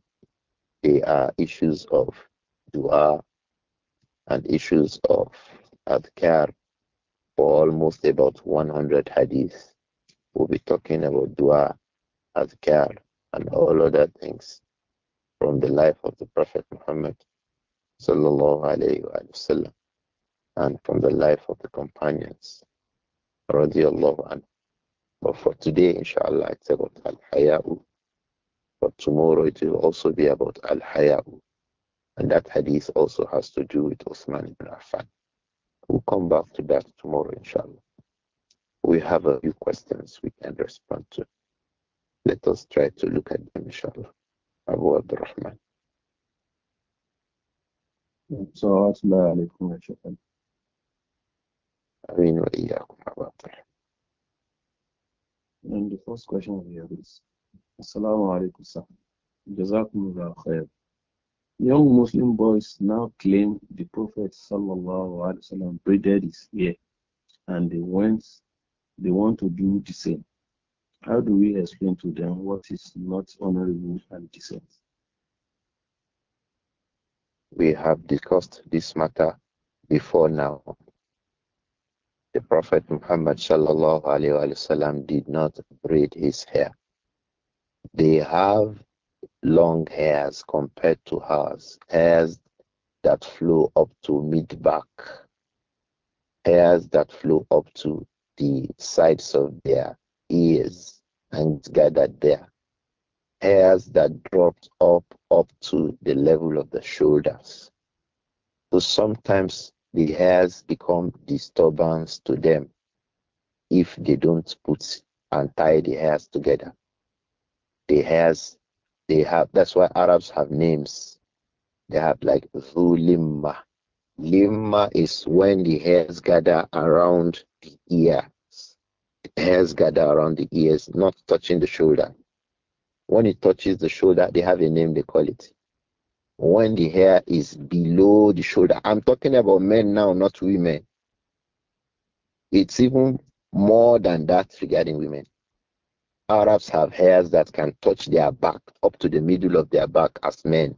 they are issues of dua and issues of adkar for almost about 100 hadith. We'll be talking about dua, adhkar, and all other things from the life of the Prophet Muhammad sallallahu alayhi and from the life of the companions anhu. But for today, inshallah, it's about al-haya'u. But tomorrow it will also be about al-haya'u. And that hadith also has to do with Osman ibn Affan. We'll come back to that tomorrow, inshallah. We have a few questions we can respond to. Let us try to look at them, inshallah. Abu Abdurrahman. السلام So يا شيخ امين واياكم ابو عبد الرحمن And the first question we have is Assalamu alaikum sir. Jazakumullah khair. Young Muslim boys now claim the Prophet وسلم, braided his hair and they went they want to do the same. How do we explain to them what is not honorable and decent? We have discussed this matter before now. The Prophet Muhammad sallallahu alaihi wasallam did not braid his hair. They have long hairs compared to hers, hairs that flow up to mid back, hairs that flow up to the sides of their ears and gathered there, hairs that dropped up up to the level of the shoulders. So sometimes the hairs become disturbance to them if they don't put and tie the hairs together. The hairs they have that's why Arabs have names. They have like Zulimma. Limma is when the hairs gather around the ears. The hairs gather around the ears, not touching the shoulder. When it touches the shoulder, they have a name they call it. When the hair is below the shoulder, I'm talking about men now, not women. It's even more than that regarding women. Arabs have hairs that can touch their back up to the middle of their back as men.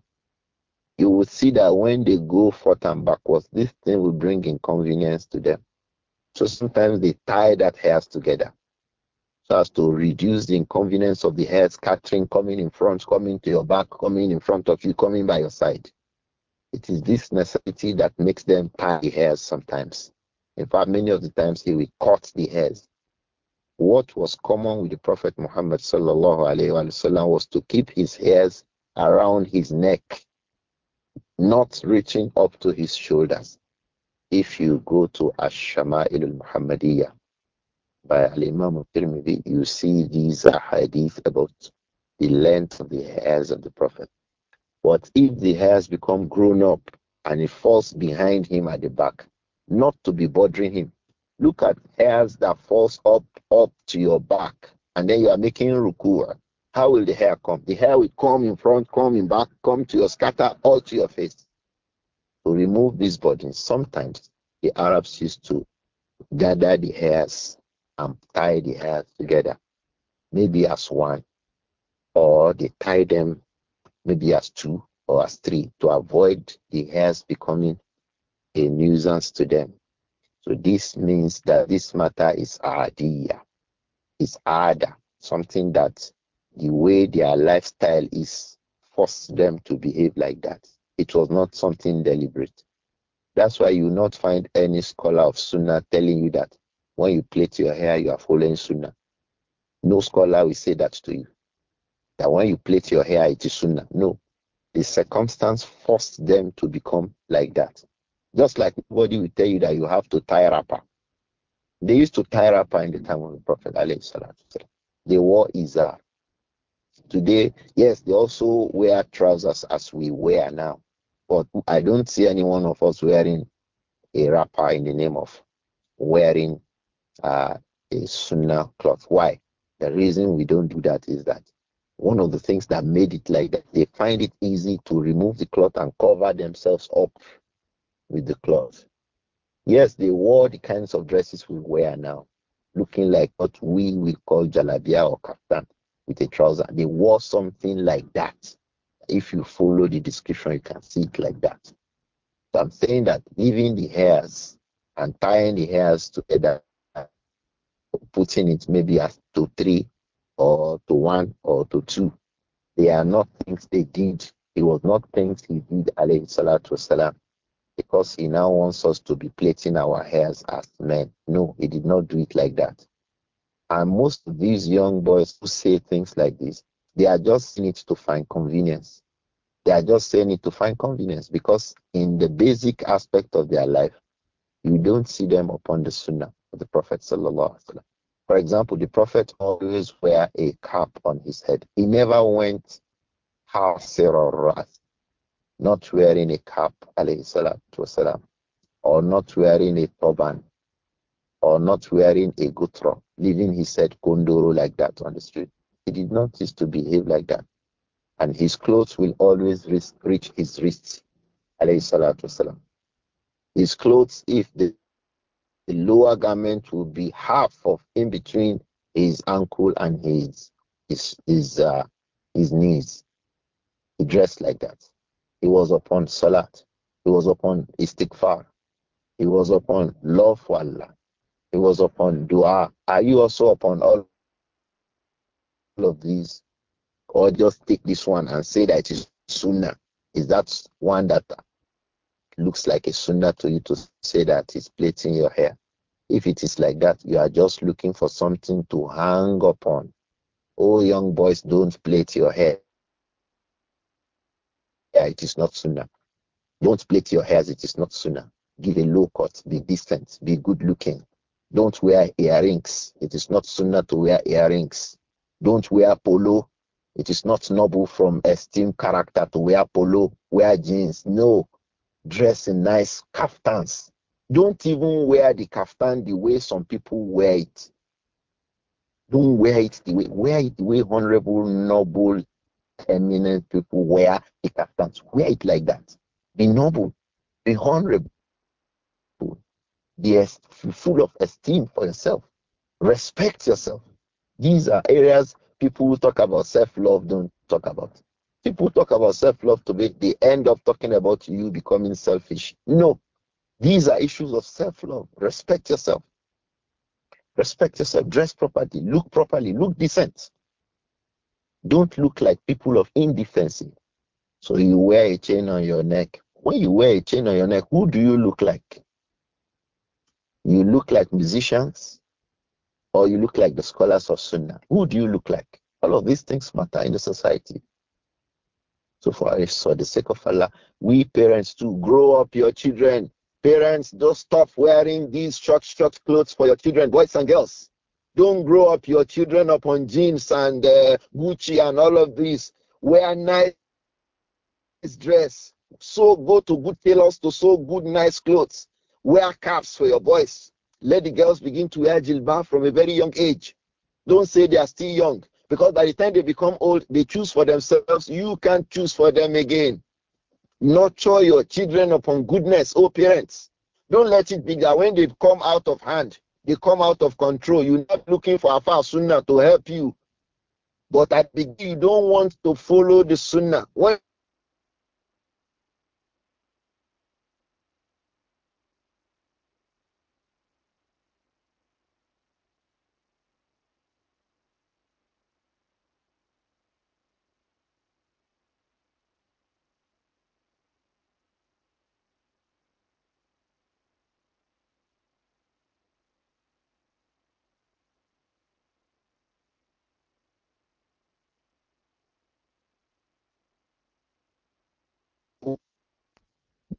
You will see that when they go forth and backwards, this thing will bring inconvenience to them. So sometimes they tie that hairs together so as to reduce the inconvenience of the hairs scattering, coming in front, coming to your back, coming in front of you, coming by your side. It is this necessity that makes them tie the hairs sometimes. In fact, many of the times he will cut the hairs what was common with the Prophet Muhammad sallallahu alaihi wasallam was to keep his hairs around his neck, not reaching up to his shoulders. If you go to Ash-Shama'il al-Muhammadiyah by Al-Imam al-Tirmidhi, you see these hadith about the length of the hairs of the Prophet. But if the hairs become grown up and it falls behind him at the back, not to be bothering him, Look at hairs that falls up up to your back, and then you are making rukuwa. How will the hair come? The hair will come in front, come in back, come to your scatter, all to your face. To remove these burdens, sometimes the Arabs used to gather the hairs and tie the hairs together, maybe as one, or they tie them maybe as two or as three to avoid the hairs becoming a nuisance to them. So this means that this matter is adia, is ada, something that the way their lifestyle is forced them to behave like that. It was not something deliberate. That's why you will not find any scholar of Sunnah telling you that when you plait your hair, you are following Sunnah. No scholar will say that to you. That when you plait your hair, it is Sunnah. No. The circumstance forced them to become like that. Just like nobody will tell you that you have to tie wrapper. They used to tie wrapper in the time of the Prophet. They wore izar. Today, yes, they also wear trousers as we wear now. But I don't see any one of us wearing a wrapper in the name of wearing uh, a sunnah cloth. Why? The reason we don't do that is that one of the things that made it like that, they find it easy to remove the cloth and cover themselves up with the cloth. Yes, they wore the kinds of dresses we wear now, looking like what we will call jalabia or kaftan with a trouser. They wore something like that. If you follow the description, you can see it like that. So I'm saying that leaving the hairs and tying the hairs together, putting it maybe as to three or to one or to two, they are not things they did. It was not things he did, alayhi salatu wasalam, because he now wants us to be plaiting our hairs as men. No, he did not do it like that. And most of these young boys who say things like this, they are just saying it to find convenience. They are just saying it to find convenience because in the basic aspect of their life, you don't see them upon the sunnah of the Prophet. For example, the Prophet always wear a cap on his head. He never went half ras not wearing a cap, والسلام, or not wearing a turban, or not wearing a gutra, leaving his head gondoro like that on the street. He did not used to behave like that. And his clothes will always reach his wrists, والسلام. His clothes, if the, the lower garment will be half of in between his ankle and his his his, uh, his knees, he dressed like that he was upon salat. He was upon istighfar. He was upon love for Allah. He was upon dua. Are you also upon all of these? Or just take this one and say that it is sunnah. Is that one that looks like a sunnah to you to say that it's plaiting your hair? If it is like that, you are just looking for something to hang upon. Oh, young boys, don't plait your hair hair, it is not sunnah. Don't plait your hairs, it is not sunnah. Give a low cut, be decent, be good looking. Don't wear earrings, it is not sunnah to wear earrings. Don't wear polo, it is not noble from esteemed character to wear polo, wear jeans. No, dress in nice kaftans. Don't even wear the kaftan the way some people wear it. Don't wear it the way wear it the way honorable, noble eminent people wear a kaftan. Wear it like that. Be noble, be honorable, be full of esteem for yourself. Respect yourself. These are areas people who talk about self love don't talk about. People talk about self love to be the end of talking about you becoming selfish. No, these are issues of self love. Respect yourself. Respect yourself. Dress properly. Look properly. Look decent. Don't look like people of indecency. So you wear a chain on your neck. When you wear a chain on your neck, who do you look like? You look like musicians or you look like the scholars of Sunnah? Who do you look like? All of these things matter in the society. So for for the sake of Allah, we parents to grow up your children. Parents, don't stop wearing these short, short clothes for your children, boys and girls. Don't grow up your children upon jeans and uh, Gucci and all of this. Wear nice dress. So go to good tailors to sew good, nice clothes. Wear caps for your boys. Let the girls begin to wear jilbab from a very young age. Don't say they are still young because by the time they become old, they choose for themselves. You can't choose for them again. Nurture your children upon goodness, oh parents. Don't let it be that when they come out of hand, they come out of control. You're not looking for Afa Sunnah to help you. But at the you don't want to follow the Sunnah. When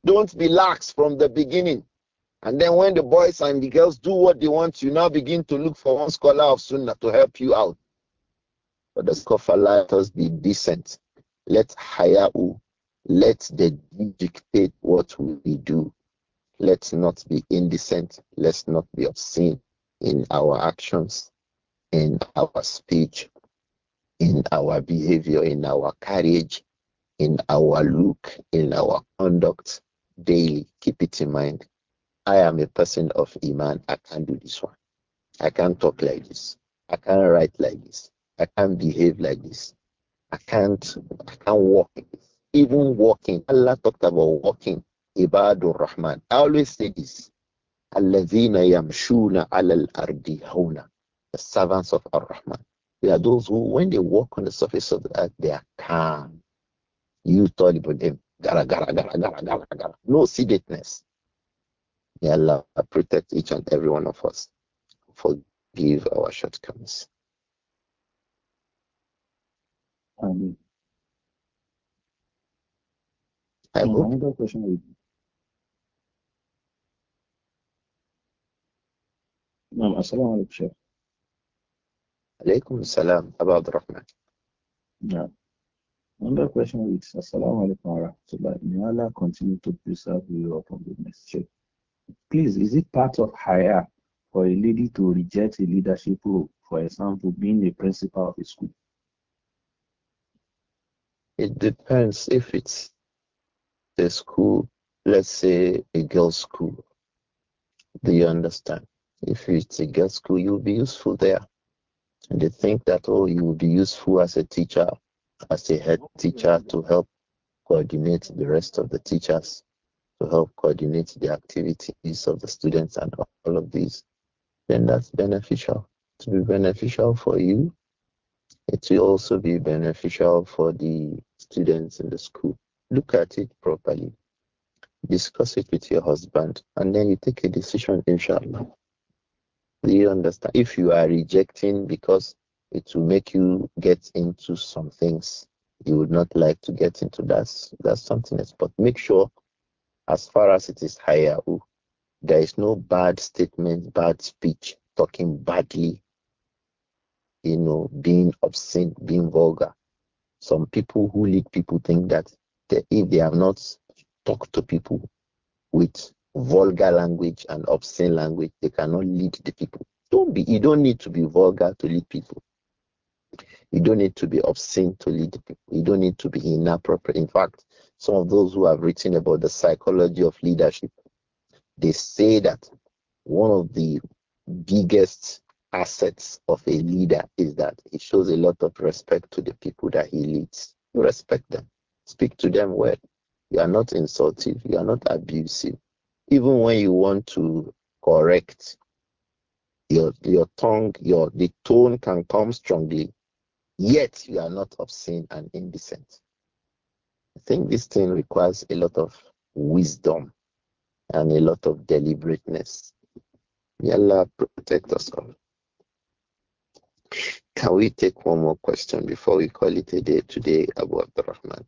Don't be lax from the beginning. And then when the boys and the girls do what they want, you now begin to look for one scholar of Sunnah to help you out. But the sake of let us be decent. Let haya'u, let the dictate what we do. Let's not be indecent. Let's not be obscene in our actions, in our speech, in our behavior, in our carriage, in our look, in our conduct, daily. Keep it in mind. I am a person of Iman. I can't do this one. I can't talk like this. I can't write like this. I can't behave like this. I can't I can't walk. Even walking. Allah talked about walking. Ibadur Rahman. I always say this. Alladhina yamshuna alal ardi hauna. The servants of Ar-Rahman. They are those who, when they walk on the surface of the earth, they are calm. You them. Gara, gara, gara, gara, gara, gara. No sedateness. May Allah protect each and every one of us. Forgive our shortcomings. Um, I hope. Another question نعم السلام عليكم شيخ عليكم السلام أبا عبد الرحمن نعم Another question reads, Assalamu alaikum wa rahmatullah. May Allah continue to preserve you upon goodness. Please, is it part of higher for a lady to reject a leadership role, for example, being a principal of a school? It depends if it's a school, let's say a girls' school. Do you understand? If it's a girls' school, you'll be useful there. And they think that, oh, you will be useful as a teacher as a head teacher to help coordinate the rest of the teachers, to help coordinate the activities of the students and all of these, then that's beneficial. To be beneficial for you, it will also be beneficial for the students in the school. Look at it properly. Discuss it with your husband, and then you take a decision, inshallah. Do you understand? If you are rejecting because it will make you get into some things you would not like to get into. That's that's something else. But make sure, as far as it is higher, there is no bad statement, bad speech, talking badly, you know, being obscene, being vulgar. Some people who lead people think that they, if they have not talked to people with vulgar language and obscene language, they cannot lead the people. Don't be. You don't need to be vulgar to lead people. You don't need to be obscene to lead people. You don't need to be inappropriate. In fact, some of those who have written about the psychology of leadership, they say that one of the biggest assets of a leader is that he shows a lot of respect to the people that he leads. You respect them, speak to them well. You are not insultive, you are not abusive. Even when you want to correct, your your tongue, your the tone can come strongly, yet you are not obscene and indecent. I think this thing requires a lot of wisdom and a lot of deliberateness. May Allah protect us all. Can we take one more question before we call it a day today, Abu Abdurrahman?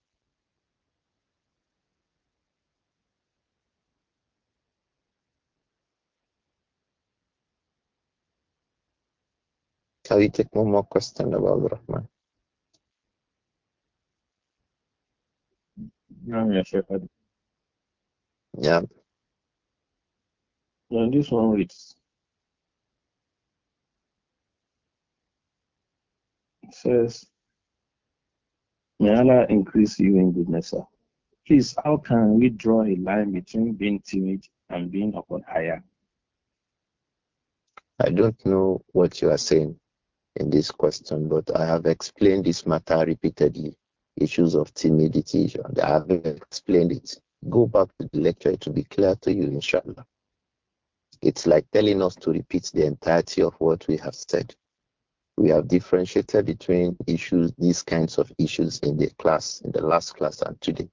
Can we take one more question about Rahman? نعم يا شيخ هذا نعم this one says may Allah increase you in goodness sir. please how can we draw a line between being timid and being upon higher I don't know what you are saying in this question, but I have explained this matter repeatedly issues of timidity. I have explained it. Go back to the lecture, it will be clear to you, inshallah. It's like telling us to repeat the entirety of what we have said. We have differentiated between issues, these kinds of issues in the class, in the last class and today.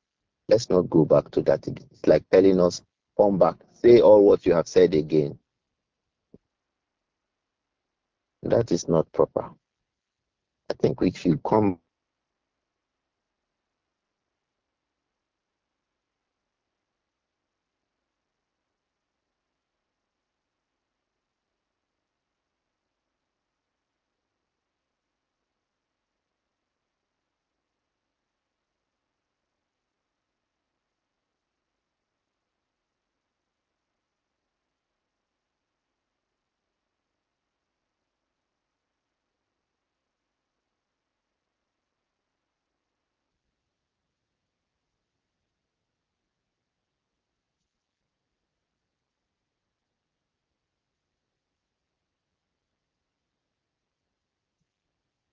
Let's not go back to that again. It's like telling us, come back, say all what you have said again. That is not proper. I think we should come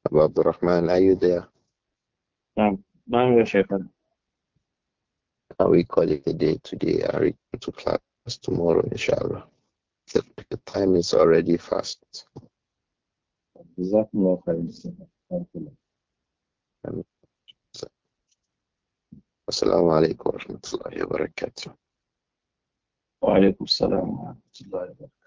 أبو عبد الرحمن أيوديا نعم ما هو يا شيخنا Are we calling the day today? Are we going to class tomorrow, inshallah? The, time is already fast. Assalamu alaikum wa rahmatullahi wa barakatuh. Wa alaikum wa rahmatullahi